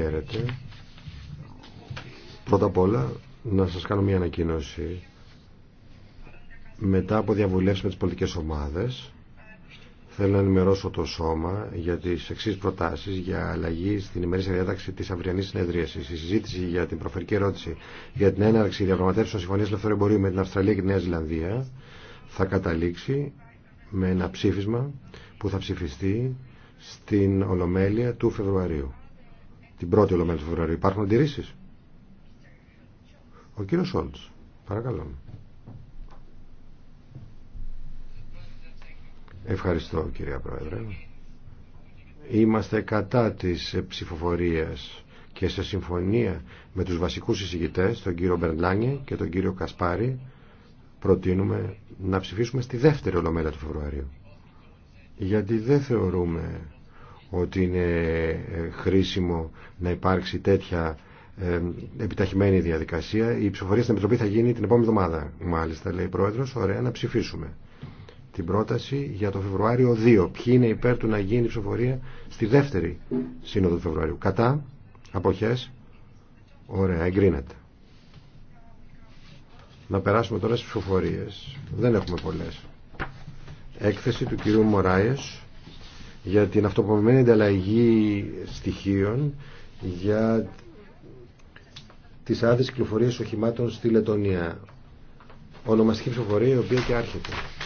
χαίρετε. Πρώτα απ' όλα να σας κάνω μια ανακοίνωση. Μετά από διαβουλεύσεις με τις πολιτικές ομάδες θέλω να ενημερώσω το σώμα για τις εξής προτάσεις για αλλαγή στην ημερήσια διάταξη της αυριανής συνεδρίασης. Η συζήτηση για την προφερική ερώτηση για την έναρξη διαπραγματεύσεων συμφωνίας ελευθερών εμπορίου με την Αυστραλία και τη Νέα Ζηλανδία θα καταλήξει με ένα ψήφισμα που θα ψηφιστεί στην Ολομέλεια του Φεβρουαρίου την πρώτη ολομέλεια του Φεβρουαρίου. Υπάρχουν αντιρρήσει. Ο κύριο Σόλτ. Παρακαλώ. Ευχαριστώ κυρία Πρόεδρε. Είμαστε κατά της ψηφοφορίας και σε συμφωνία με τους βασικούς εισηγητές, τον κύριο Μπερντλάνι και τον κύριο Κασπάρη, προτείνουμε να ψηφίσουμε στη δεύτερη ολομέλεια του Φεβρουαρίου. Γιατί δεν θεωρούμε ότι είναι ε, χρήσιμο να υπάρξει τέτοια ε, επιταχυμένη διαδικασία. Η ψηφοφορία στην Επιτροπή θα γίνει την επόμενη εβδομάδα. Μάλιστα, λέει η Πρόεδρο, ωραία να ψηφίσουμε την πρόταση για το Φεβρουάριο 2. Ποιοι είναι υπέρ του να γίνει η ψηφοφορία στη δεύτερη σύνοδο του Φεβρουαρίου. Κατά, αποχέ, ωραία, εγκρίνεται. Να περάσουμε τώρα στι ψηφοφορίες. Δεν έχουμε πολλέ. Έκθεση του κυρίου Μωράιες για την αυτοπομεμένη ανταλλαγή στοιχείων για τις άδειες κυκλοφορίες οχημάτων στη Λετωνία. Ονομαστική ψηφοφορία η οποία και άρχεται.